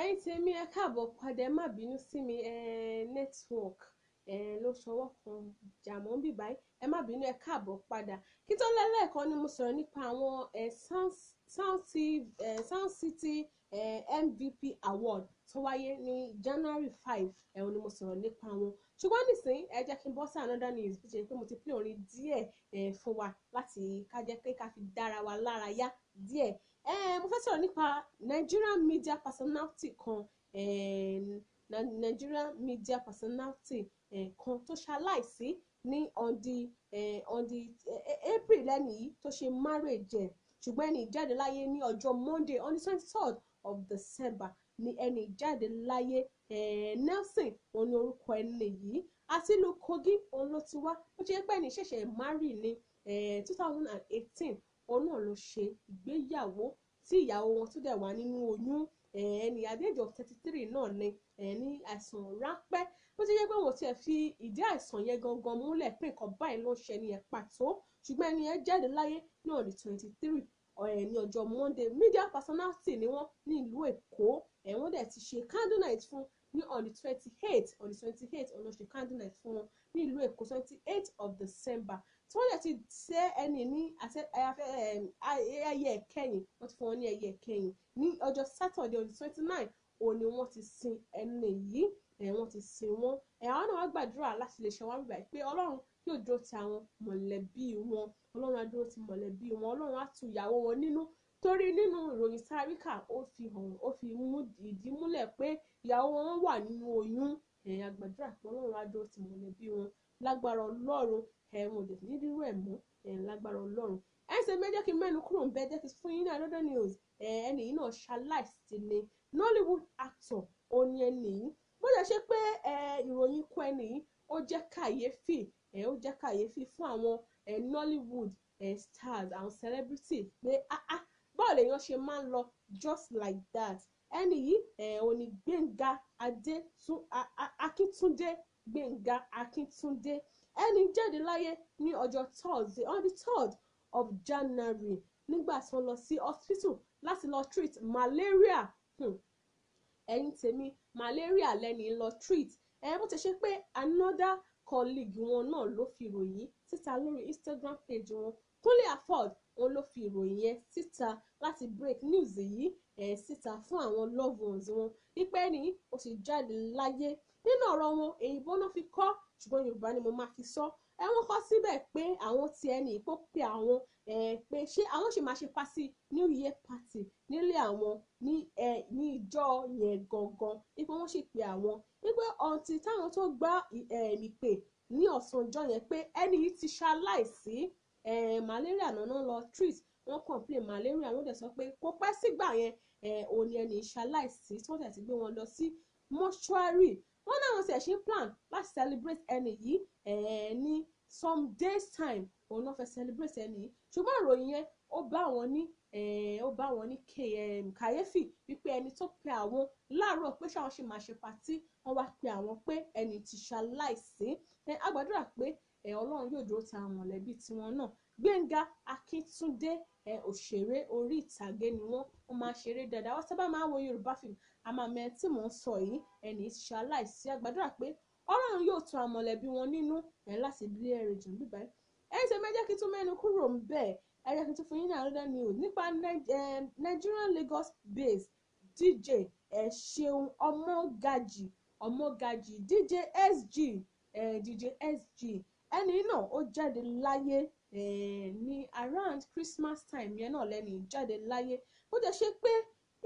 ẹ̀yin tèmi ẹ káàbọ̀ padà ẹ má bínú sí mi network ló ṣọwọ́ kan jàmọ́ bí báyìí ẹ má bínú ẹ káàbọ̀ padà kí tó lẹ́lẹ́ẹ̀kan ni mo sọ̀rọ̀ nípa àwọn sound city mvp award tó wáyé ní january five ẹ̀hún ni mo sọ̀rọ̀ nípa wọn ṣùgbọ́n nísìnyí ẹ jẹ́ kí n bọ́ sí another news bí ṣe pé mo ti pín orin díẹ̀ fún wa láti ká jẹ́ pé ká fi dára wa lára yá díẹ̀ eh, mo fẹ́ sọ̀rọ̀ nípa Nigerian media personality kan eh, Nigerian media personality eh, kan tó ṣaláìsí ní on the eh, on eh, April lẹ́nu yìí tó ṣe marriage ẹ̀ ṣùgbọ́n ẹni ìjáde láyé ní ọjọ́ Monday on the twenty third of December ni ẹni ìjáde láyé eh, Nelson òun ni orúkọ ẹni yìí àti ìlú Kogi òun ló ti wá ó jẹ́ pé ẹni ṣẹ̀ṣẹ̀ marry ní eh, two thousand and eighteen òun náà ló ṣe ìgbéyàwó tí ìyàwó wọn tó dẹ̀ wà nínú oyún ẹni àdéjì of thirty three náà ni ẹni àìsàn ráńpẹ́ bó ti yẹ pé wọ́n tiẹ̀ fi ìdí àìsàn yẹn gangan múlẹ̀ pé nǹkan báyìí ló ń ṣe ẹni yẹn pàtó ṣùgbọ́n ẹni yẹn jáde láyé náà ní twenty three ọ̀rẹ́ ní ọjọ́ monday media personality ni wọ́n ní ìlú èkó ẹ̀wọ̀n dẹ̀ ti ṣe candle night fún ní on the twenty eight on the twenty eight ọ̀nà ṣe candle night fún wọn ní ìlú èkó twenty eight of december tí wọ́n yẹ ti ṣe ẹni ní ẹyẹ ẹ̀kẹyìn wọ́n ti fún wọn ní ẹyẹ ẹ̀kẹyìn ní ọjọ́ sátọ̀dẹ̀ on twenty nine òun ni wọ́n ti sin ẹni yìí wọ́n ti sin wọ́n àwọn náà wọ́n gbàdúrà láti lè ṣe wọ́n bíbá pé ọlọ́run yóò dúró ti àwọn mọ̀lẹ́bí wọn ọlọ́run á dúró ti mọ̀lẹ́bí wọn ọlọ́run á tu ìyàwó wọn nínú torí nínú ìròyìn sáríkà ó fi hàn ó fi mú ìdí múlẹ̀ pé ìyàwó wọn wà nínú oyún ẹ̀yìn àgbàdúrà pé ọlọ́run á dúró ti mọ̀lẹ́bí wọn lágbára ọlọ́run ẹ̀rùn òdè ní rírú ẹ̀ mọ́ ẹ̀ lágbára ọlọ́run ẹsẹ̀ méjì kí mẹ́nu kúrò ń bẹ́ jẹ́ kí fún yín ní another news ẹni yìí náà ṣaláìsí ni Nollywood actor oní ẹni yìí bó ṣe ṣe pé ìròyìn kọ ẹni yìí ó jẹ́ kàyéfì ó jẹ́ kàyéfì fún àwọn Nollywood stars àwọn celebrity pé ah, ah, báwo lèèyàn ṣe máa ń lọ just like that ẹni yìí òní Gbénga Adé Akíntúndé gbẹ̀ngà akíntúndé ẹni jáde láyé ní ọjọ́ thursday on the third of january nígbà tí wọ́n lọ sí hospital láti lọ treat malaria hmm. ẹ̀yin tèmi malaria lẹ́ni lọ treat ẹ̀ bó ti ṣe pé another colleague wọn náà ló fi ìròyìn síta lórí instagram page wọn kúnlé afford wọn ló fi ìròyìn yẹn síta láti break news yìí ẹ̀ síta fún àwọn loved ones wọn wípé ní ó sì jáde láyé nínú ọ̀rọ̀ wọn èyìnbó ló fi kọ́ ṣùgbọ́n yorùbá ni mo máa fi sọ ẹ wọ́n kọ́ síbẹ̀ pé àwọn ti ẹni ìpó pé àwọn pé ṣé àwọn ṣì máa ṣe pàṣẹ new year party nílé àwọn ní ní ìjọ yẹn gangan ipò wọ́n sì pé àwọn wípé ọ̀ǹtì táwọn tó gbá ìpè ní ọ̀sán ọjọ́ yẹn pé ẹni yìí ti ṣaláìsí malaria náà lọ treat wọ́n complain malaria wọ́n dẹ̀ sọ pé kò pẹ́ sígbà yẹn òní ẹni ṣaláìsí tí wọ́n tẹ̀ sí gbé wọn lọ sí mọ́ṣúárì wọ́n náà wọ́n sì ẹ̀ṣin plan láti celebrate ẹni yìí ẹ̀ẹ́ni some days time òun náà fẹ́ celebrate ẹni yìí ṣùgbọ́n ìròyìn yẹn ó bá wọn ní ó bá wọn ní kàyéfì wípé ẹni tó pe àwọn láàárọ̀ pé ṣáwọn ṣe máa ṣe patí wọ́n wá pe àwọn pé ẹni tí ṣaláìsí a gbàdúrà pé ọlọ́run yóò dúró ti àwọn mọ̀lẹ́bí tiwọn náà gbẹ̀ngà akíntúndé òṣèré orí ìtàgé ni wọ́n wọ́n máa ṣeré dáadáa wọ́n sábà máa ń wo yorùbá fíìmù àmàmẹ́ tí mò ń sọ yìí ẹni tí ṣe aláìsí àgbàdúrà pé ọlọ́run yóò tún àmọ̀lẹ́bí wọn nínú ẹ̀ láti bí ẹ̀rẹ̀ jù bíbá ẹ̀ ẹ̀ ṣe mẹ́jẹ́ kí tún mẹ́nu kúrò ń bẹ̀ ẹ̀ jẹ́ kí tún fún yín ní another news nípa Nigerian Lagos based DJ ẹ̀ ṣeun ọmọgàjì ọmọgàjì DJ SG ẹ̀ DJ SG ẹni náà ó jáde láyé ní around Christmas time yẹn náà lẹ́ni jáde láyé bó jẹ́ ṣe pé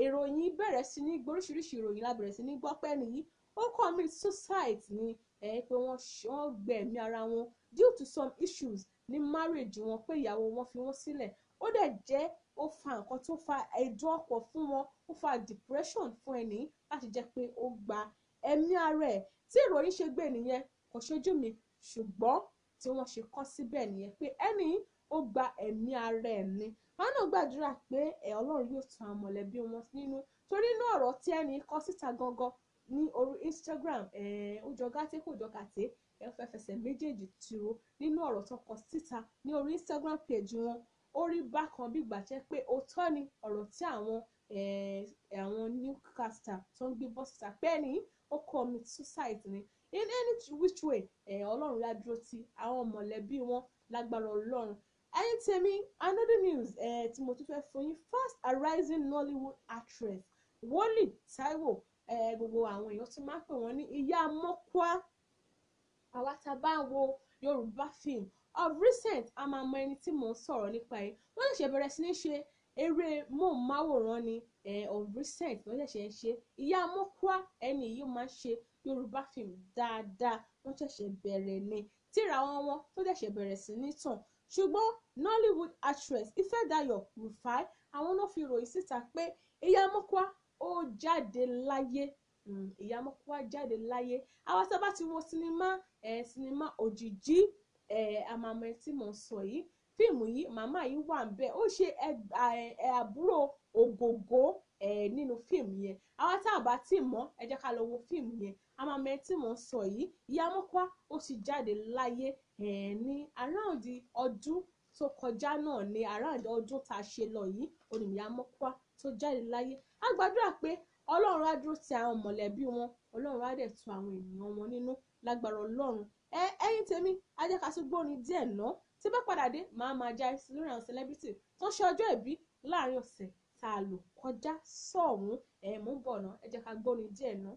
ìròyìn bẹ̀rẹ̀ sí ní gbọ́ oríṣiríṣi ìròyìn la bẹ̀rẹ̀ sí ní gbọ́ pé nìyí ó commit suicide ni ẹ pé wọ́n gbẹ̀mí ara wọn due to some issues ní marriage wọn pé ìyàwó wọn fi wọ́n sílẹ̀ ó dẹ̀ jẹ́ ó fa nǹkan tó fa ẹ̀dùn ọkọ̀ fún wọn ó fa depression fún ẹni láti jẹ́ pé ó gba ẹ̀mí ara ẹ̀ tí ìròyìn ṣe gbé nìyẹn kò ṣojú mi ṣùgbọ́n tí wọ́n ṣe kọ́ síbẹ̀ nìyẹn pé ẹni ó gba ẹ̀mí ara ẹ̀ ni àwọn náà gbàdúrà pé ẹ̀ ọlọ́run yóò tan àwọn mọ̀lẹ́bí wọn nínú torí inú ọ̀rọ̀ tí ẹnì kọ síta gangan ní orí Instagram ó jọ gàtẹ́ kò jọ gàtẹ́ ẹ fẹ́ fẹsẹ̀ méjèèjì tiro nínú ọ̀rọ̀ tó kọ síta ní orí Instagram page wọn ó rí bákan bí gbàjẹ́ pé òótọ́ ni ọ̀rọ̀ tí àwọn àwọn Newcaster tó ń gbé bọ́ síta pé ẹni ó commit suicide ni in any which way ọlọ́run ládúró ti àwọn mọ̀lẹ́bí wọn lágbára ọlọ́run ẹ̀yin tèmi another news eh, tí mo tún fẹ́ fún yín fast arising Nollywood actress Wọlé Táíwò eh, gbogbo àwọn èèyàn ti máa ń pè wọ́n ní ìyá mọ́kúá àwa tá a bá ń Yorùbá film of recent a máa mọ ẹni tí mò ń sọ̀rọ̀ nípa yìí wọ́n ṣẹ̀ṣẹ̀ bẹ̀rẹ̀ sí ní ṣe eré móhùnmáwòrán ni eh, of recent wọ́n ṣẹ̀ṣẹ̀ ń ṣe ìyá mọ́kúá ẹni yìí máa ń ṣe Yorùbá film dáadáa wọ́n ṣẹ̀ṣẹ̀ bẹ̀rẹ̀ ni tíra wọn wọn tó ṣẹ̀ṣẹ̀ bẹ̀rẹ̀ sí ní tàn ṣùgbọ́n Nollywood actress Ifedayo Rufai àwọn náà fi ròyìn síta pé Ìyá Mọ́kúá ó jáde láyé hmm, Ìyá Mọ́kúá jáde láyé àwa tá a bá ti wo sinimá ẹ̀ sinimá òjìjí ẹ̀ àmàmẹ́ tí mo sọ yìí fíìmù yìí màmá yìí wà ń bẹ ó ṣe àbúrò ògògó nínú fíìmù yẹn àwa tá a bá ti mọ̀ ẹ jẹ́ ká lọ wo fíìmù yẹn àmàmẹ́ tí mo sọ yìí Ìyá Mọ́kúá ó sì jáde láyé ní around ọdún tó kọjá náà ni around ọdún tá a ṣe lọ yìí onímọ̀yá mọ́kúá tó jáde láyé a gbàdúrà pé ọlọ́run á dúró ti àwọn mọ̀lẹ́bí wọn ọlọ́run á dẹ̀ tu àwọn ènìyàn wọn nínú lágbára ọlọ́run ẹ ẹ̀yin tèmi á jẹ́ díẹ̀ náà tí bá padà dé màá máa já ẹsẹ̀ lórí àwọn celebrity tó ṣe ọjọ́ ìbí láàrin ọ̀sẹ̀ tá a lò kọjá sọ̀hún ẹ̀ bọ̀ náà ẹ jẹ́ ká gbórin díẹ̀ náà.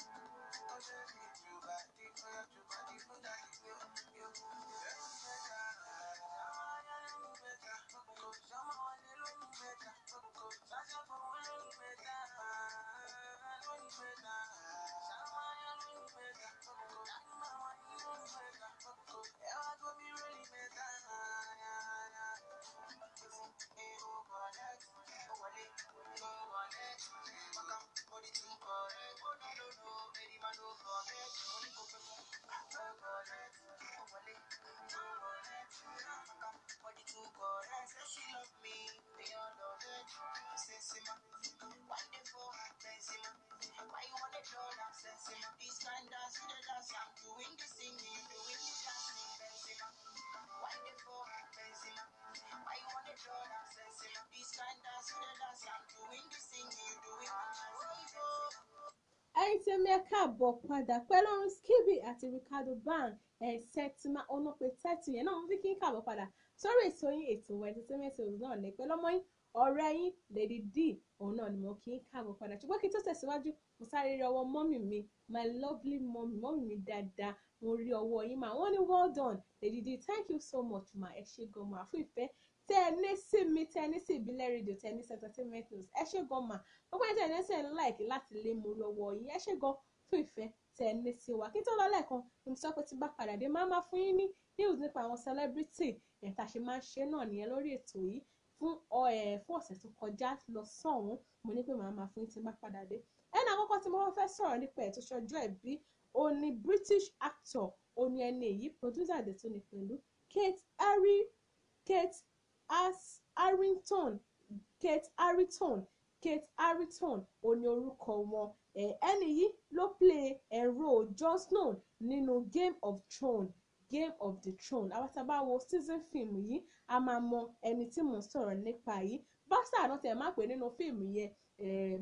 Thank you. sẹ́mi ẹ̀ka àbọ̀ padà pẹ̀lú orin skibi àti ricardo ban ẹ̀ sẹ́tìmá ọ̀nàpẹ̀ tẹ́tù yẹn náà wọ́n fi kí n kàbọ̀ padà sórí ètò yín ètò entertainment òun náà ní pẹ̀lú ọmọ yín ọ̀rẹ́ yín lady d òun náà ni mo kí n kàbọ̀ padà ṣùgbọ́n kí n tó tẹ̀síwájú mo sáré rí ọwọ́ mọ́mì mi my lovely mọ́mì mọ́mì mi dáadáa mo rí ọwọ́ yín mà wọ́n ní well done lady d thank you so much ma ẹ ṣé gan-an fún ìfẹ́ tẹ́ ẹ ní sí mi tẹ́ ẹ ní sí ìbílẹ̀ rédíò tẹ́ ẹ ní sí entertainment news ẹ ṣé gan mà gbogbo ẹ̀jẹ̀ ẹ̀ ṣe ń láìkí láti lé mu lọ́wọ́ yìí ẹ ṣé gan fún ìfẹ́ tẹ́ ẹ ní sí wa kí tó lọ lẹ́ẹ̀kan mo ti sọ pé ti bá padà dé máa máa fún yín ní news nípa àwọn celebrity ẹ̀ tá a ṣe máa ń ṣe náà nìyẹn lórí ètò yìí fún fún ọ̀sẹ̀ tó kọjá lọ sọ̀hún mo ní pé màá máa fún yín ti bá padà dé ẹnì àkọ́kọ́ tí mo fẹ́ sọ̀rọ̀ nípa ẹ̀ tó ṣọjọ́ ìbí ó ní British actor ó ní ẹni èyí producer àdètúni pẹ̀lú Kate Harry Kate As Harrington Kate Harrington Kate Harrington òní orúkọ wọn. Ẹni yìí ló play role. Jon Snow nínú Game of Thrones Game of the Throne àwọn tá a bá wo season film yìí a máa mọ ẹni tí mò ń sọ̀rọ̀ nípa yìí bástà náà tẹ̀ máa pè nínú fíìmù yẹn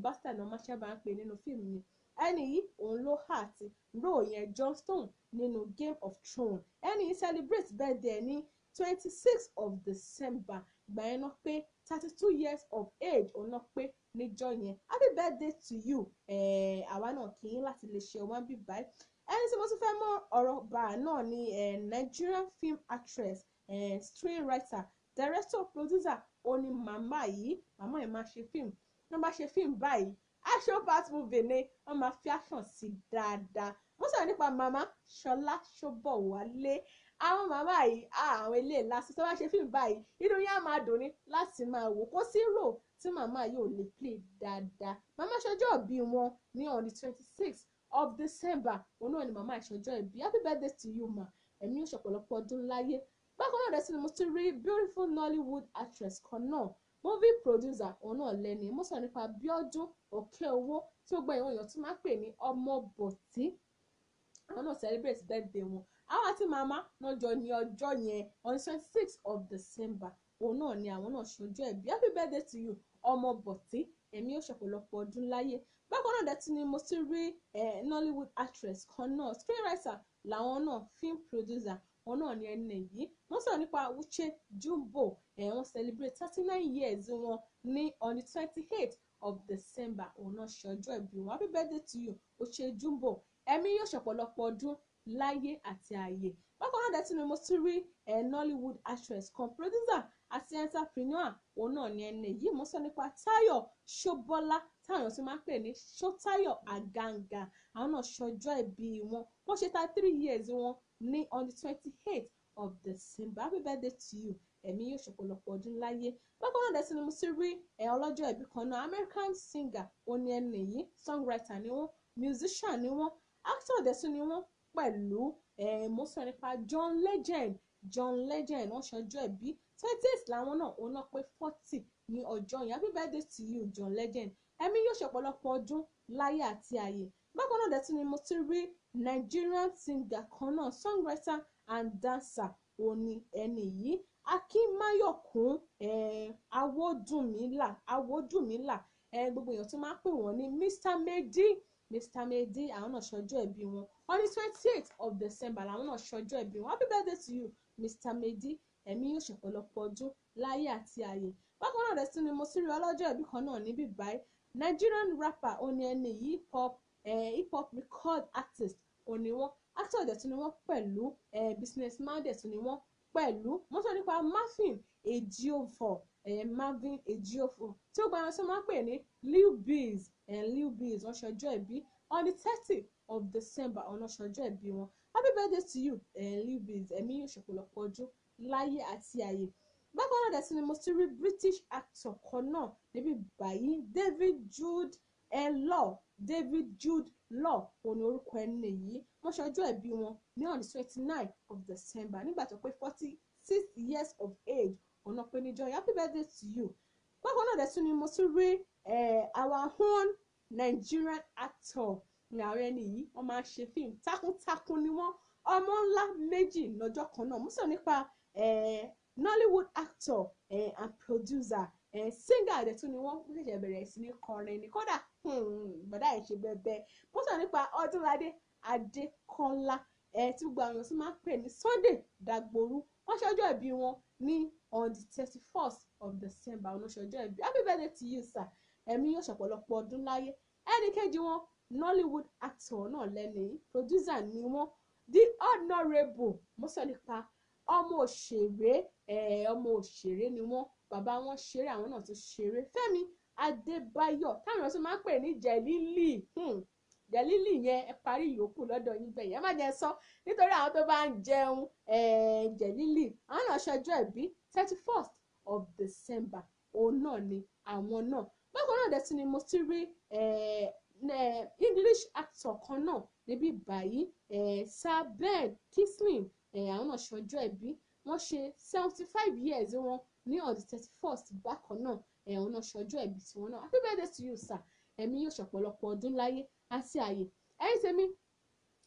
bástà náà máa sábà ń pè nínú fíìmù yẹn ẹni yìí òun ló hà àti role yẹn Jon Snow nínú Game of Thrones ẹni yìí celebrate birthday ní twenty six of december ìgbà yẹn náà pé thirty two years of age òun náà pé níjọ́ yẹn happy birthday to you àwa náà kì í láti lè ṣe wọn bí báyìí ẹni tí mo tún fẹ́ mọ ọ̀rọ̀ bá náà ni Nigerian film actress screenwriter director producer Oni mama yìí mama yìí máa ṣe fíìmù wọ́n bá ṣe fíìmù báyìí action part movie ni wọ́n máa fi action sí dáadáa mo sọ̀rọ̀ nípa màmá Ṣọlá Ṣóbọ̀wálé àwọn màmá yìí àwọn ilé lásán tó bá ṣe fíìmù báyìí inú yín á máa dùn ní láti máa wò kó sí rò tí màmá yìí ò lè play dáadáa màmá ṣọjọ́ ìbí wọn ní on the twenty sixth of December òun náà ni màmá ìṣọjọ́ ìbí happy birthday to you ma ẹ̀mí ò ṣọ̀pọ̀lọpọ̀ ọdún láyé bákan náà dẹ́sí ni mo ti rí beautiful Nollywood actress kan náà movie producer òun náà lẹ́ni mo sọ nípa Bíọ́dún Òkèowó tí ó gbọ́ ìwọ̀n èèyàn tún máa ń pè ní ọmọ bọ̀tí àwọn náà celebrate birthday wọn àwọn àti màmá náà jọ ní ọjọ́ yẹn on twenty six of December òun náà ni àwọn náà ṣe ọjọ́ ẹ̀bí happy birthday to you ọmọ bọ̀tí ẹ̀mí ó ṣọ̀pọ̀lọpọ̀ ọdún láyé bákan náà dẹ́tí ni mo ti rí Nollywood actress kan náà screenwriter làwọn náà film producer òun náà ni ẹni yìí wọ́n sọ̀rọ̀ nípa Uche Jumbo ẹ̀ wọ́n celebrate thirty nine years wọn ní on the twenty eight of December òun náà ṣe ọjọ́ ìbí wọn happy birthday to you Uche Jumbo ẹ̀mí yóò ṣọ̀pọ̀lọpọ̀ ọdún láyé àti ààyè bákan náà dẹ́tí ni mo tún rí eh, Nollywood actress kan producer àti entrepreneur òun náà ni ẹni yìí mo sọ nípa Táyọ̀ Ṣóbọ́lá táwọn tí máa ń pè ní Ṣótáyọ̀ Àgàǹgà àwọn náà ṣọjọ́ ìbí wọn wọ́n ṣe thirty three years wọn ní on the twenty eight of December happy birthday to you ẹ̀mí yóò ṣọ̀pọ̀lọpọ̀ ọdún láyé bákan náà dẹ́sí ni mo ti rí ẹ̀ eh, ọlọ́jọ́ ìbí kan náà American singer oní ẹni yìí songwriter ni wọ́n musician ni wọ́n actor dẹ́sí ni wọ́n pẹ̀lú eh, mo sọ nípa John Legend John Legend wọ́n ṣọjọ́ ẹ̀bí twentieth làwọn náà òun náà pé forty ní ọjọ́ yẹn happy birthday to you John Legend ẹ̀mí yóò ṣe ọ̀pọ̀lọpọ̀ ọdún láyé àti ààyè bákan náà dẹ̀tún ni mo ti rí Nigerian singer kan náà songwriter and dancer òní ẹni yìí Akínmáyọ̀kún eh, Awódùnmílà Awódùnmílà eh, gbogbo èèyàn tó máa ń pè wọ́n ní Mr. Medi mr mehdi àwọn náà ṣọjọ́ ìbí wọn on the twenty eight of december làwọn náà ṣọjọ́ ìbí wọn happy birthday to you mr mehdi ẹ̀mí yóò ṣọ̀pọ̀lọpọ̀ ọdún láyé àti ààyè bákan náà rẹ̀ sí ni mo sì rí ọlọ́jọ́ ìbí kan náà níbí báyìí nigerian rapper oní ẹni hip hop eh, hip hop record artist òní wọn actor dẹ̀ tún ni wọ́n pẹ̀lú eh, businessman dẹ̀ tún ni wọ́n pẹ̀lú mo sọ nípa marvin ejiofo eh, marvin ejiofo tí ó gba ẹran tí wọ́n ń pè ní lil biz and Lil Biz wọ́n ṣọjọ́ ìbí on the thirty of December ọ̀nà ṣọjọ́ ìbí wọn happy birthday to you and eh, Lil Biz ẹ̀mí yóò ṣèpọ̀lọpọ̀ ọdún láyé àti àyè bákan náà dẹ̀sí ni mo ti rí British actor kan náà níbí báyìí David Jude L. Law David Jude Law òní orúkọ ẹni yìí wọ́n ṣọjọ́ ìbí wọn ní on the twenty nine of December nígbà tó pé forty six years of age ọ̀nà pé níjọ́ happy birthday to you bákan náà dẹ̀sí ni mo ti rí Eh, our own Nigerian actor ní ààrẹ nìyí wọ́n máa ṣe fíìmù takuntakun ni wọn ọmọ ńlá méjì lọ́jọ́ kan náà mo sọ nípa eh, Nollywood actor eh, and producer eh, singer àdẹ̀tún ni wọ́n ṣẹ̀ṣẹ̀ bẹ̀rẹ̀ sí ní kọrin ni kódà hmm, bàdá ẹ̀ ṣe bẹ́ẹ̀ mo sọ nípa Ọdúnládé Adékọ́lá ẹ̀ tí gbogbo máa ń pè ní Sunday Dagboru wọ́n ṣọjọ́ ìbí wọn ní on the thirty first of December ọ̀nà ṣọjọ́ ìbí happy birthday to you sir ẹ̀mí yóò ṣọ̀pọ̀lọpọ̀ ọdún láyé ẹnì kejì wọn Nollywood actor náà lẹ́ni producer ni wọ́n the honourable mọ́sọ̀lípa ọmọ òṣèré ọmọ òṣèré ni wọ́n bàbá wọn ṣeré àwọn náà tún ṣeré Fẹ́mi Adébáyọ̀ táwọn èèyàn tún máa ń pè ní Jẹ̀lílì hmm, jẹ̀lílì yẹn ẹ parí ìyókù lọ́dọ̀ yín gbẹ̀yìn ẹ má jẹ́ sọ nítorí àwọn tó bá ń jẹun jẹ̀lílì àwọn náà ṣọjọ́ ìbí thirty first of December òun náà ni àwọn náà bákan náà dẹ̀tí ni mo ti rí English actor kan náà níbí báyìí Sir Ben Kingsley àwọn náà ṣọjọ́ ẹbí wọ́n ṣe seventy five years wọn ní on thirty first bákan náà àwọn náà ṣọjọ́ ẹbí tiwọn náà happy birthday to you sir ẹ̀mí yóò ṣọ̀pọ̀lọpọ̀ ọdún láyé àti àyè ẹ̀yin tèmi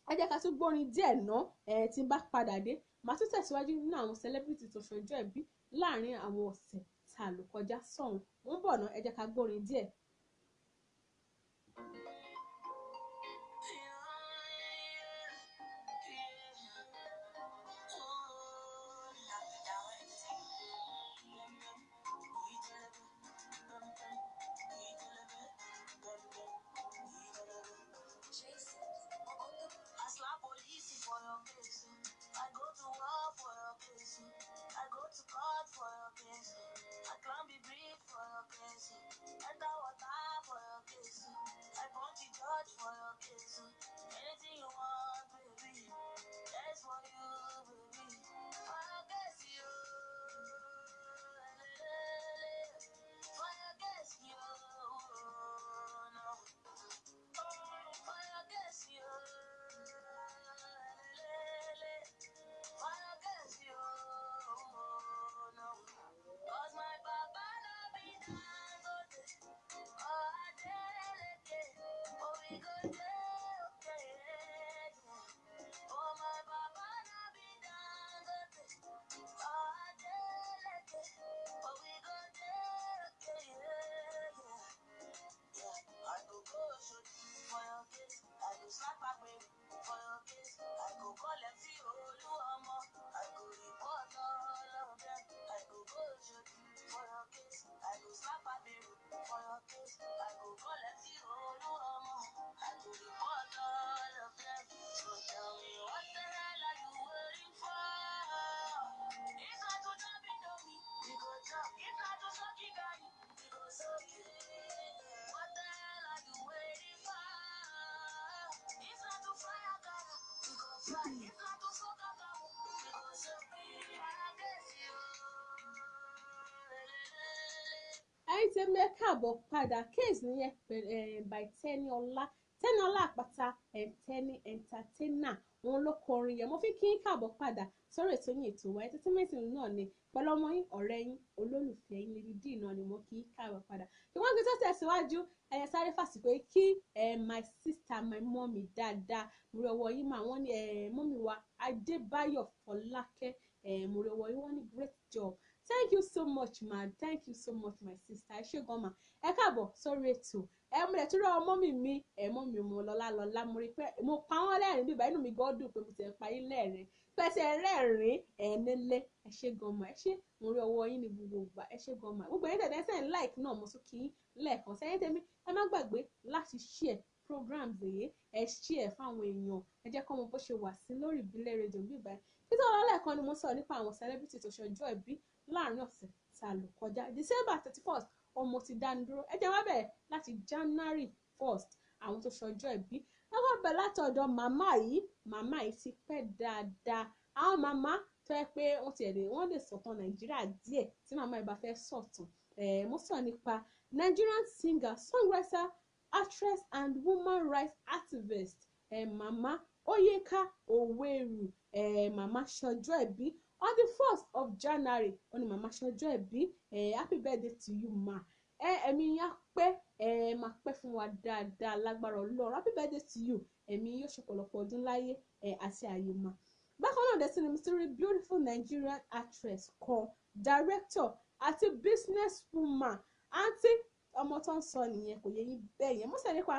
ẹ jẹ́ ká tún gbórin díẹ̀ náà ẹ̀ tí n bá padà dé màá tún tẹ̀síwájú nínú àwọn celebrity tó ṣọjọ́ ẹbí láàrin àwọn ọ̀sẹ̀ tá a lò kọjá sọ̀hún mo ń bọ̀ ná ẹ jẹ́ ká gbórin díẹ̀. ṣàyẹ̀tẹ̀ mẹ́kàbọ̀ padà case nìyẹn eh, by Tẹ́níọlá Tẹ́níọlá Àpáta eh, Tẹ́ní entertainer òun ló kọrin yẹn mo fi kí n kàbọ̀ padà wa entertainment náà ni pẹ̀lú ọmọ yín ọ̀rẹ́ yín ni mo kí n kàbọ̀ padà kí wọ́n gbé tó tẹ̀síwájú ẹ̀yẹ sáré fàsìkò kí eh, my sister my mummy dáadáa mo wa mo great job thank you so much ma thank you so much my sister ẹ ṣé gan ma ẹ káàbọ̀ sórí ètò ẹ múlẹ̀ tó rọ ọmọ mi mi ẹ mọ́ mi mo lọ́lá lọ́lá mo rí pé mo pa wọ́n lẹ́rìn bíbá inú mi gan dùn pé mo ti pa yín lẹ́rìn pẹ́sẹ̀ rẹ́rìn ẹ̀ẹ́nẹ́lẹ́ ẹ ṣé gan ma ẹ ṣé mo rí ọwọ́ yín ní gbogbo ìgbà ẹ ṣé gan ma gbogbo ẹ̀yin tẹ̀lé ẹsẹ̀ like náà mo tún kí yín lẹ́ẹ̀kan sẹ́yìn tẹ̀mí ẹ má gbàgbé láti share programs èyí ẹ share fáwọn èèyàn ẹ jẹ́ kọ́ mọ bó ṣe wà sí lórí ìbílẹ̀ rédíò bíbá títí ọlọ́lẹ̀ kan ni mo sọ nípa àwọn celebrity tó ṣọjọ́ ìbí láàrin ọ̀sẹ̀ tá a lò kọjá December thirty first ọmọ ti dáni dúró ẹ jẹ́ wá bẹ̀rẹ̀ láti January first àwọn tó ṣọjọ́ ìbí ẹ wá bẹ̀rẹ̀ látọ̀dọ̀ màmá yìí màmá yìí ti pẹ́ dáadáa àwọn màmá tó yẹ pé wọ́n ti ẹ̀rẹ̀ wọ́n lè sọ̀tàn Nàìjíríà díẹ̀ tí màmá yìí bá fẹ́ sọ̀tàn ẹ̀ mo sọ nípa Nigerian singer songwriter actress and woman rights activist ẹ̀ màmá Oyèká Òwèrù ẹ̀ màmá ṣọjọ́ ìbí on the first of January ó ní màmá ṣọjọ́ ẹ̀bí happy birthday to you ma ẹ̀mí yá pé ẹ máa pẹ́ fún wa dáadáa lágbára ọlọ́run happy birthday to you ẹ̀mí yóò ṣe pọ̀lọpọ̀ ọdún láyé àti àyè ma bákan náà dẹ́sí ni mr beautiful Nigerian actress kan director àti business woman àti ọmọ tó ń sọ nìyẹn kò yẹ yín bẹ́ẹ̀ yẹn mọ́sẹ̀ nípa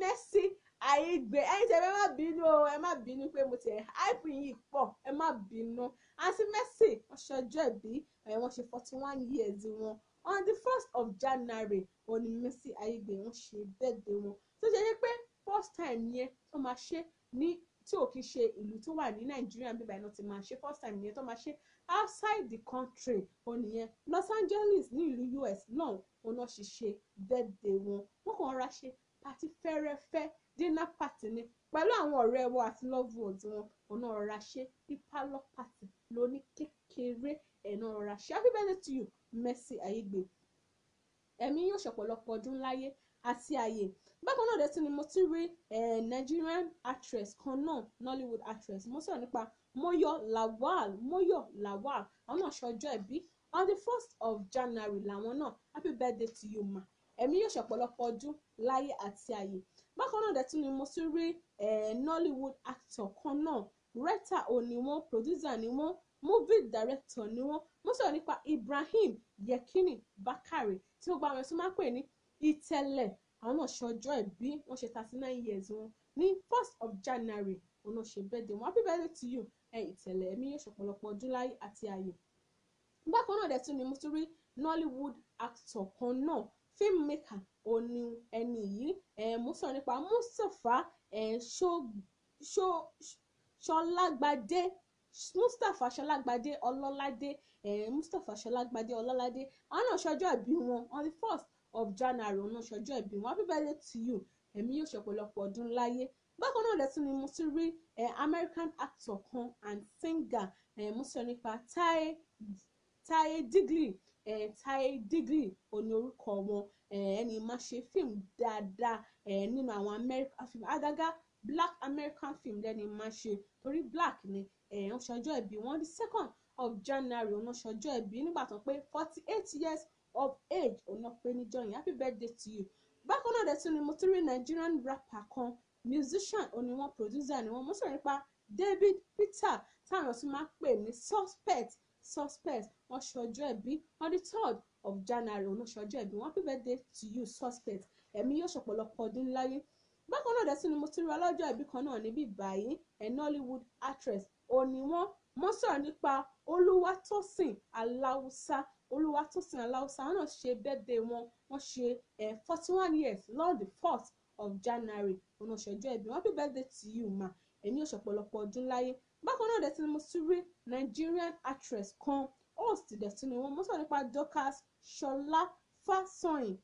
Mercy àìgbé ẹ̀yin tẹ̀lé ẹ má bínú o ẹ má bínú pé mo tiẹ̀ hype yìí pọ̀ ẹ má bínú àti Messi wọ́n ṣe ọjọ́ ìbí ẹ̀ wọ́n ṣe forty one years wọn on the first of January wọ́n ní Messi àìgbé wọ́n ṣe birthday wọn tó ṣe yẹ pé first time yẹn tó máa ṣe ní tí ò kí ń ṣe ìlú tó wà ní Nàìjíríà bíbá iná ti máa ṣe first time yẹn tó máa ṣe outside the country òun nìyẹn Los Angeles ní ìlú US náà òun náà ṣe ṣe birthday wọn wọ́n kàn rà ṣe pàtí fẹ́rẹ́fẹ́ dinner party ni pẹ̀lú àwọn ọ̀rẹ́ wọn àti love ones wọn ọ̀nà ọ̀rá ṣe ní parlour party lóní kékeré ẹ̀nà ọ̀rá ṣe happy birthday to you Mercy Aigbe ẹ̀mí yóò ṣọ̀pọ̀lọpọ̀ ọdún láyé àti àyè bákan náà dẹ́tí ni mo ti rí eh, Nigerian actress kan náà Nollywood actress mo sọ̀rọ̀ nípa Moyo Lawal Moyo Lawal àwọn náà ṣọjọ́ ẹ̀bí on the first of January làwọn náà happy birthday to you ma ẹ̀mí yóò ṣọ̀pọ̀lọpọ̀ ọdún láyé àti àyè bákan náà dẹ̀ tún ni mo tún rí eh, Nollywood actor kan náà writer ò ní wọ́n producer ni wọ́n movie director ni wọ́n mo sọ̀rọ̀ nípa Ibrahim Yekini Bakare tí gbogbo àwọn ẹ̀sùn máa ń pè ní ìtẹ̀lẹ̀ àwọn náà ṣe ọjọ́ ìbí wọ́n ṣe thirty nine years wọn ní first of January òun náà ṣe birthday wọn happy birthday to you ẹ ìtẹ̀lẹ̀ ẹ̀mí yóò ṣọ̀pọ̀lọpọ̀ ọdún láyé àti ayọ̀ bákan náà dẹ̀ tún ni mo tún rí Nollywood actor kan náà filmmaker òní ẹni yìí mo sọ̀rọ̀ nípa Mustapha Ṣọlágbadé Mustapha Ṣọlágbadé Ọlọ́ládé Mustapha Ṣọlágbadé Ọlọ́ládé àwọn náà ṣọjọ́ ìbí wọn on the first of January òun náà ṣọjọ́ ìbí wọn happy birthday to you ẹ̀mí yóò ṣọ̀pọ̀lọpọ̀ ọdún láyé bákan náà lẹ́tún ni mo ti rí American actor kan and singer mo sọ nípa Taye Taye Digli tai degree òní orúkọ wọn ẹni máa ṣe fíìmù dáadáa nínú àwọn American film agaga black American film lẹ́ni máa ṣe torí black ni ń ṣọjọ́ ìbí wọn the second of January ọ̀nà ṣọjọ́ ìbí nígbà tó pé forty eight years of age ọ̀nà pé níjọ yẹn happy birthday to you bákan náà dẹ̀tún ni mo tún rí Nigerian rapper kan musician òní wọn producer ni wọn mo sọ̀rọ̀ nípa David Peter táwọn tún máa pè ní suspect suspect wọ́n ṣe ọjọ́ ẹ̀bí on the third of January òun ló ṣe ọjọ́ ẹ̀bí happy to you suspect ẹ̀mí yóò ṣọ̀pọ̀lọpọ̀ ọdún láyé bákan náà dẹ́sí ni mo ti rí ọlọ́jọ́ ẹ̀bí kan náà níbí báyìí ẹ̀ Nollywood actress òní wọn wọ́n sọ̀rọ̀ nípa Olúwatósìn Aláùsá Olúwatósìn Aláùsá wọn náà ṣe birthday wọn wọ́n ṣe ẹ̀ forty one years lord the fourth of January òun ọ̀ṣọ́jọ́ ẹ̀bí happy birthday to you ma ẹ̀mí yóò ṣọ̀pọ̀lọpọ̀ ọdún láyé bákan náà dẹ́sí ni mo ti rí Nigerian actress kan host dẹ̀tún ni wọ́n mọ̀ sọ̀rọ̀ nípa Dorcas Ṣọlá Fásọyìn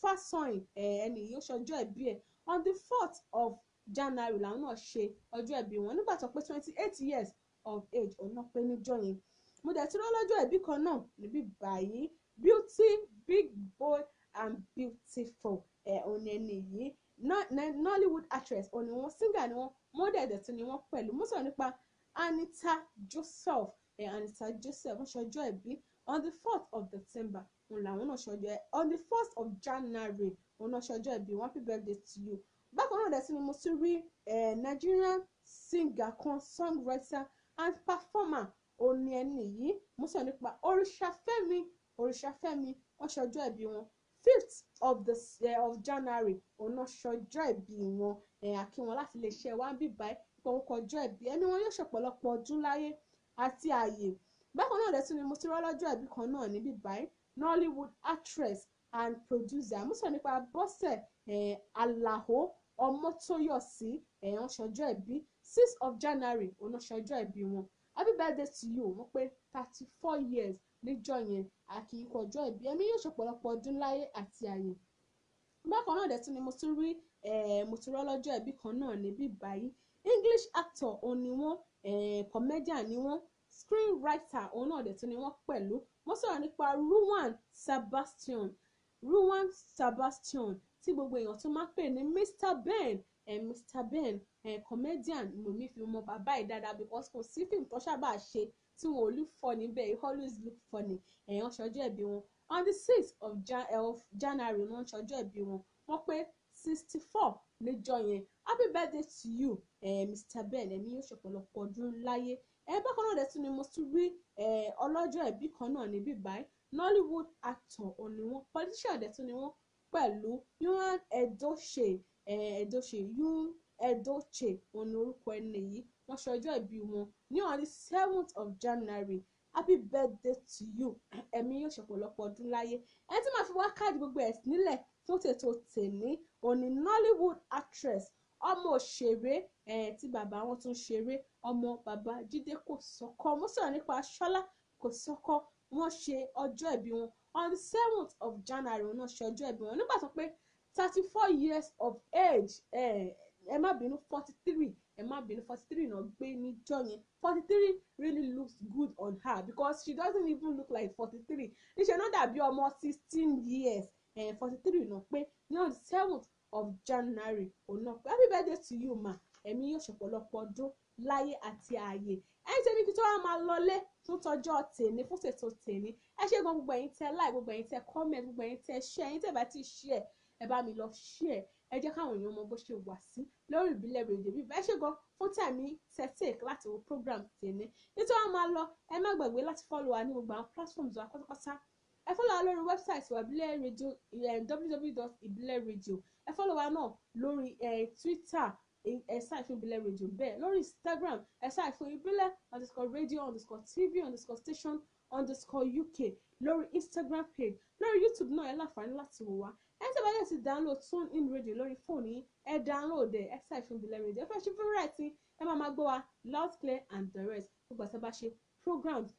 Fásọyìn ẹni yìí ó ṣọjọ́ ìbí ẹ̀ on the fourth of January làwọn náà ṣe ọjọ́ ìbí wọn nígbà tó pé twenty eight years of age òun náà pé níjọ́ yẹn mo dẹ̀ tún lọ́jọ́ ìbí kan náà níbí báyìí beauty big boy and beautiful ẹ̀ òun ni ẹni yìí Nollywood actress òun ni wọ́n singer ni wọ́n mọ́dẹ̀dẹ̀ tún ni wọ́n pẹ̀lú mo sọ̀rọ̀ nípa Anita Joseph Eh, and ìtàjẹ́ seven ṣọjọ́ ìbí on the fourth of december òun làwọn náà ṣọjọ́ on the first of january òun náà ṣọjọ́ ìbí happy birthday to you bákan náà dẹ̀sí ni mo tún rí eh, nigerian singer kan songwriter and performer òní ẹni yìí mo sọ nípa oríṣàfẹ́mi oríṣàfẹ́mi wọ́n ṣọjọ́ ìbí wọn fifth of the uh, of january òun náà ṣọjọ́ ìbí wọn àkí wọn láti lè ṣe wá bíbáyé pé òun kọjọ́ ìbí ẹni wọn yóò ṣọ̀pọ̀lọpọ̀ ọdún láyé àti ààyè bákan náà lẹ́tún ni mo ti rọ́ lọ́jọ́ ìbí kan náà níbí báyìí Nollywood actress and producer mo sọ nípa Bọ́sẹ̀ eh, Àlàó Ọmọ́tóyọ̀sí ẹ̀hán ṣọjọ́ ìbí six of January ọ̀nà ṣọjọ́ ìbí wọn happy birthday to you wọ́n pé thirty four years níjọ́ yẹn àkìkọ̀ ọjọ́ ìbí ẹ̀mí yóò ṣe ọ̀pọ̀lọpọ̀ ọdún láyé àti àyè bákan náà dẹ̀ tún ni mo tún rí mo tún rọ́ lọ́jọ́ ìbí kan náà níbí báyìí English actor òní wọn Eh, comedian ni wọ́n screen writer òun náà dẹ̀ tún ni wọ́n pẹ̀lú wọ́n sọ̀rọ̀ nípa Ruwan Sebastian Ruwan Sebastian tí gbogbo èèyàn tún máa ń pè ní Mr Ben eh, Mr Ben eh, comedian mòmí fi mọ bàbá yìí dáadáa because kò sí fíìmù tó sábà ṣe tí wọn ò look funny bẹ́ẹ̀ he always look funny èèyàn eh, ṣọjọ́ ẹ̀bí wọn on the sixth of, Jan eh, of January wọ́n ṣọjọ́ ẹ̀bí wọn wọ́n pé sixty four níjọ́ yẹn happy birthday to you eh, Mr. Ben ẹ̀mí yóò ṣọ̀pọ̀lọpọ̀ ọdún láyé eh, bákan náà dẹ̀ ni mo tún rí eh, ọlọ́jọ́ ẹ̀bí kan náà níbí báyìí Nollywood actor òní wọn politician dẹ̀ tún ni wọ́n pẹ̀lú Yohan Edochie eh, Edochie Yohan Edochie òní orúkọ ẹni yìí wọ́n ṣe ọjọ́ ìbí wọn ní on the seventh of January happy birthday to you ẹ̀mí yóò ṣọ̀pọ̀lọpọ̀ ọdún láyé ẹ tí màá fi wá káàdì gbogbo ẹ̀ nílẹ̀ fún tètò tèmi òní Nollywood actress ọmọ òṣèré eh, tí bàbá wọn tún ṣeré ọmọ bàbá Jídé Kòsọ́kọ́ mo sọ̀rọ̀ nípa Ṣọlá Kòsọ́kọ́ wọ́n ṣe ọjọ́ ìbí wọn on the seventh of January wọ́n ṣe ọjọ́ ìbí wọn nígbà tó pé thirty four years of age ẹ má bínú forty three ẹ má bínú forty three náà gbé níjọ́ yẹn forty three really looks good on her because she doesn't even look like forty three níṣẹ́ náà dàbí ọmọ sixteen years forty three náà pé ní on the seventh of January ọ̀nà happy birthday to you ma ẹ̀mí yóò ṣọ̀pọ̀lọpọ̀ ọdún láyé àti ààyè ẹ̀yin tèmi kí tó wá máa lọlé fún tọjọ́ tèmi fún ṣètò tèmi ẹ ṣé gan gbogbo ẹ̀yin tẹ́ like gbogbo ẹ̀yin tẹ́ comment gbogbo ẹ̀yin tẹ́ share ẹ̀yin tẹ́ bá ti share ẹ bá mi lọ share ẹ jẹ́ káwọn èèyàn mọ bó ṣe wà sí lórí ìbílẹ̀ rèdè bí bẹ́ẹ̀ ṣe gan fún tẹ̀mí tẹ̀tẹ̀k láti wo program tèmi nítorí wọn máa lọ ẹ má gbàgbé láti follow wa ní gbogbo àwọn platforms wa pátápátá ẹ fọ́lọ̀ wa lórí wẹ́bsáìtì wa ìbílẹ̀ rédíò www.ibileradio eh, ẹ fọ́lọ̀ wa náà lórí eh, twitter ẹ ṣáà eh, fún ìbílẹ̀ rédíò lórí instagram ẹ ṣáà fún underscore radio underscore tv underscore station underscore uk lórí instagram page lórí youtube náà ẹ láǹfààní láti wò wá ẹ tí bá yẹ ti download tune in radio lórí fóònù yìí ẹ download ẹ ẹ ṣáà fún ìbílẹ̀ ẹ fẹ́ ṣe fúnrẹ́ẹ̀tì ẹ máa máa gbọ́ wa loud clear and direct gbogbo àti bá ṣe programs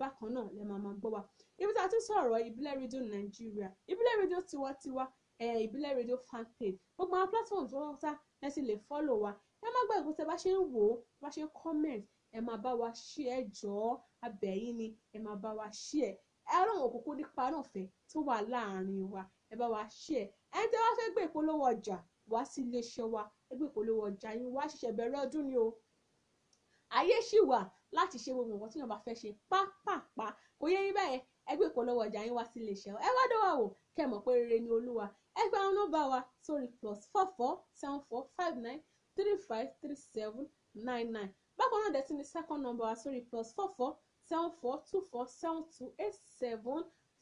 bákan náà lẹ máa máa gbọ́ wa ibi tá a tún sọ̀rọ̀ ìbílẹ̀ rédíò nàìjíríà ìbílẹ̀ rédíò tiwantiwa ẹ̀yà eh, ìbílẹ̀ rédíò fanpage gbogbo àwọn platform tó wọ́n sá ẹ ti lè follow wa ẹ má gbàgbé tẹ bá ṣe ń wò ó bá ṣe ń comment ẹ máa bá wa share jọ̀ọ́ abẹ̀yìn ni ẹ máa bá wa share ẹlọ́run òkùnkùn nípa náà fẹ́ tó wà láàrin wa ẹ bá wa share ẹni tí wọ́n fẹ́ gbé ìpolówó ọjà wá sí iléeṣẹ́ wa ẹ gbé ìpolówó ọjà yín wá ṣiṣẹ́ bẹ̀rẹ̀ ọdún ni o ayé ṣì wà láti ṣe gbogbo nǹkan tí yàn bá fẹ́ ṣe pápápá kò yẹ yín bẹ́ẹ̀ ẹ gbé ìpolówó ọjà yín wá sí iléeṣẹ́ ẹ wá dọ́wà wò kẹ́ ẹ mọ̀ pé rere ni olúwa ẹ àwọn nọ́mbà wa sórí plus four four seven four five nine three five three seven nine nine bákan náà dẹ̀tí ni second number wa sórí plus four four seven four two four seven two eight seven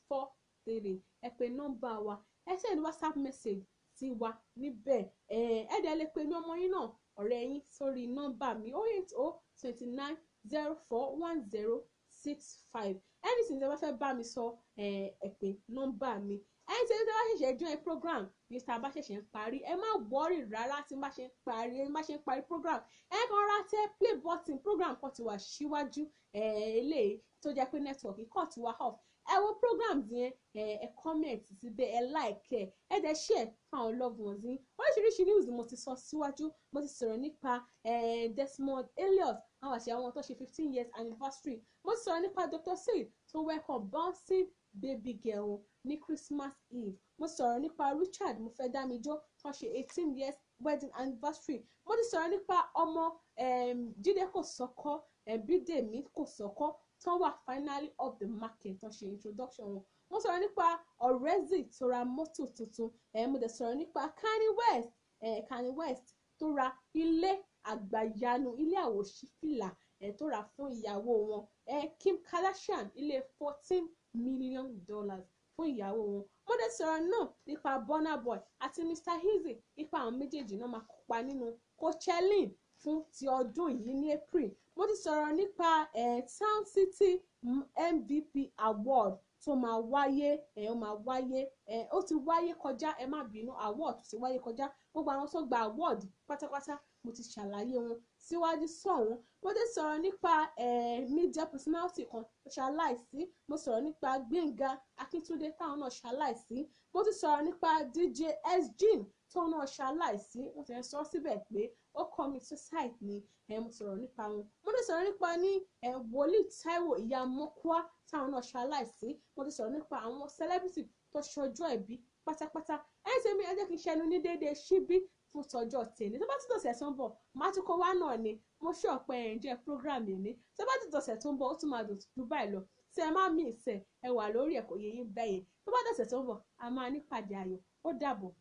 four three ẹ pè nọ́mbà wa ẹ send whatsapp message sí wa níbẹ̀ ẹ dẹ̀ lè pe ní ọmọ yín náà ọ̀rẹ́ yín sórí nọ́mbà mi oh eight oh twenty nine zero four one zero six five anything tẹ́ bá fẹ́ bá mi sọ ẹ pè nọ́mbà mi ẹni tí wọ́n ṣẹ̀ṣẹ̀ join program ní tá a bá ṣẹ̀ṣẹ̀ ń parí ẹ má wọ́ọ̀rì rárá tí bá ṣe ń parí ẹ má ṣe ń parí program ẹ kàn rà tẹ play button program kan ti wà síwájú ẹ eléyìí tó jẹ́ pé network ikọ̀ ti wà off ẹ wo programs yẹn ẹ ẹ comment síbẹ̀ ẹ like ẹ ẹ dẹ̀ share fún àwọn loved ones yín oríṣiríṣi news mo ti sọ síwájú mo ti sọ̀rọ̀ nípa Desmond Elliot àwọn àṣẹ àwọn tó ṣe fifteen years anniversary mo ti sọ̀rọ̀ nípa Dr. Seyi tó welcome bouncing baby girl ní Christmas Eve mo sọ̀rọ̀ nípa Richard Mufedamijọ tó ṣe eighteen years wedding anniversary mo ti sọ̀rọ̀ nípa ọmọ Jídé Kòsọ́kọ́ Bídèmí Kòsọ́kọ́ tán wà finally up the market tán ṣe introduction wọn wọ́n sọ̀rọ̀ nípa Orezi tó ra mọ́tò tuntun ẹ̀ mo dẹ̀ sọ̀rọ̀ nípa Kanye West ẹ̀ Kanye West tó ra ilé àgbàyanu ilé àwòṣífìlà ẹ̀ tó ra fún ìyàwó wọn ẹ̀ Kim Kardashian ilé fourteen million dollars fún ìyàwó wọn mo dẹ̀ sọ̀rọ̀ náà nípa Burna Boy àti Mr Hizzy. nípa àwọn méjèèjì náà máa kópa nínú Coachella fún ti ọdún yìí ní April mo ti sọ̀rọ̀ nípa eh, Town City MVP Award tó máa wáyé ẹ̀ ó máa wáyé ẹ̀ ó ti wáyé kọjá ẹ má bínú award tó ti wáyé kọjá gbogbo àwọn tó gba award pátápátá mo ti ṣàlàyé wọn síwájú sọ̀hún mo ti sọ̀rọ̀ nípa ẹ̀ media personality kan ṣaláìsí mo sọ̀rọ̀ nípa Gbénga Akíntúndé táwọn náà ṣaláìsí mo ti sọ̀rọ̀ nípa DJ SG tóun náà ṣaláìsí wọ́n ti ń sọ síbẹ̀ pé ó commit suicide ni ẹ̀ mo sọ̀rọ̀ nípa wọn mo ti sọ̀rọ̀ nípa ní ẹ̀ wòlíì Táíwò ìyá mọ́kúá táwọn náà ṣaláìsí mo ti sọ̀rọ̀ nípa àwọn celebrity tó ṣọjọ́ ìbí pátápátá ẹ̀yìn tí mi ẹ jẹ́ kí n ṣẹnu ní déédéé síbí fún tọjọ́ tèmi tó bá ti dọ̀sẹ̀ tó ń bọ̀ má tún kó wá náà ni mo ṣe ọ̀pẹ ẹ̀ ń jẹ́ program èmi tó bá ti dọ̀sẹ̀ tó ń bọ̀ ó tún máa dùn Dubai lọ tí ẹ má mí ìsẹ̀ ẹ wà lórí ẹ̀kọ́ yẹ̀yìn bẹ́yẹn tó bá dọ̀sẹ̀ tó ń bọ̀ a máa nípàdé ayọ̀ ó dàbọ̀.